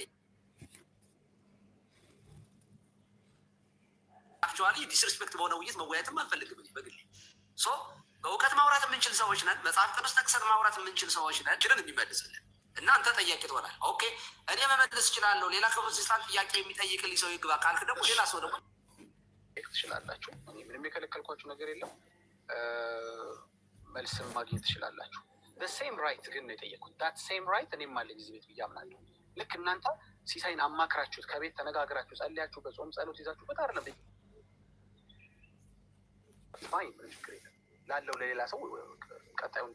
it. አክቹዋሊ ዲስሪስፔክት በሆነ ውይይት መወያየትም አልፈልግም በግሌ። ሶ በእውቀት ማውራት የምንችል ሰዎች ነን። መጽሐፍ ቅዱስ ጠቅሰን ማውራት የምንችል ሰዎች ነን። ችልን የሚመልስልን እና አንተ ጠያቂ ትሆናል። ኦኬ እኔ መመለስ እችላለሁ። ሌላ ከፕሮቴስታንት ጥያቄ የሚጠይቅልኝ ሰው ይግባ ካልክ ደግሞ ሌላ ሰው ደግሞ ትችላላችሁ። ምንም የከለከልኳችሁ ነገር የለም። መልስም ማግኘት ትችላላችሁ። ሴም ራይት ግን ነው የጠየቅኩት። ሴም ራይት እኔም አለኝ እዚህ ቤት ብዬ አምናለሁ። ልክ እናንተ ሲሳይን አማክራችሁት ከቤት ተነጋግራችሁ ጸልያችሁ በጾም ጸሎት ይዛችሁበት አይደለም ላለው ለሌላ ሰው ቀጣዩን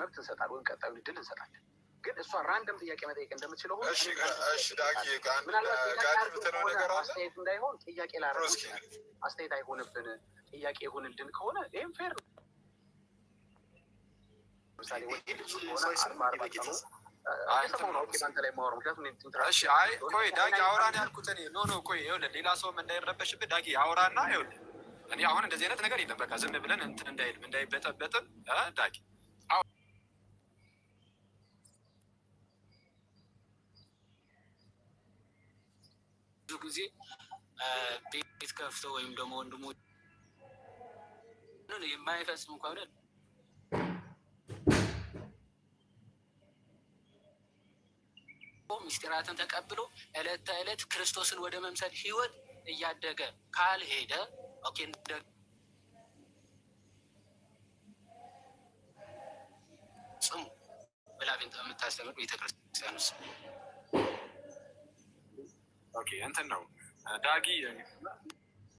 መብት እንሰጣል ወይም ቀጣዩን እድል እንሰጣለን። ግን እሷ ራንደም ጥያቄ መጠየቅ እንደምትችለው አስተያየት እንዳይሆን ጥያቄ ላ አስተያየት አይሆንብን ጥያቄ ይሁንልን ከሆነ ይህም ፌር ነው። ቆይ ዳጊ አውራን ያልኩት እኔ ኖ ኖ ቆይ ሌላ ሰውም እንዳይረበሽብህ ዳጊ አውራና ይኸውልህ እኔ አሁን እንደዚህ አይነት ነገር የለም። በቃ ዝም ብለን እንትን እንዳይል እንዳይበጠበጥም ዳጊ ብዙ ጊዜ ቤት ከፍቶ ወይም ደግሞ ወንድሞ የማይፈጽም እንኳ ምስጢራትን ተቀብሎ ዕለት ተዕለት ክርስቶስን ወደ መምሰል ህይወት እያደገ ካልሄደ ጽሙ ብላ የምታስተምር ቤተክርስቲያን ውስጥ እንትን ነው ዳጊ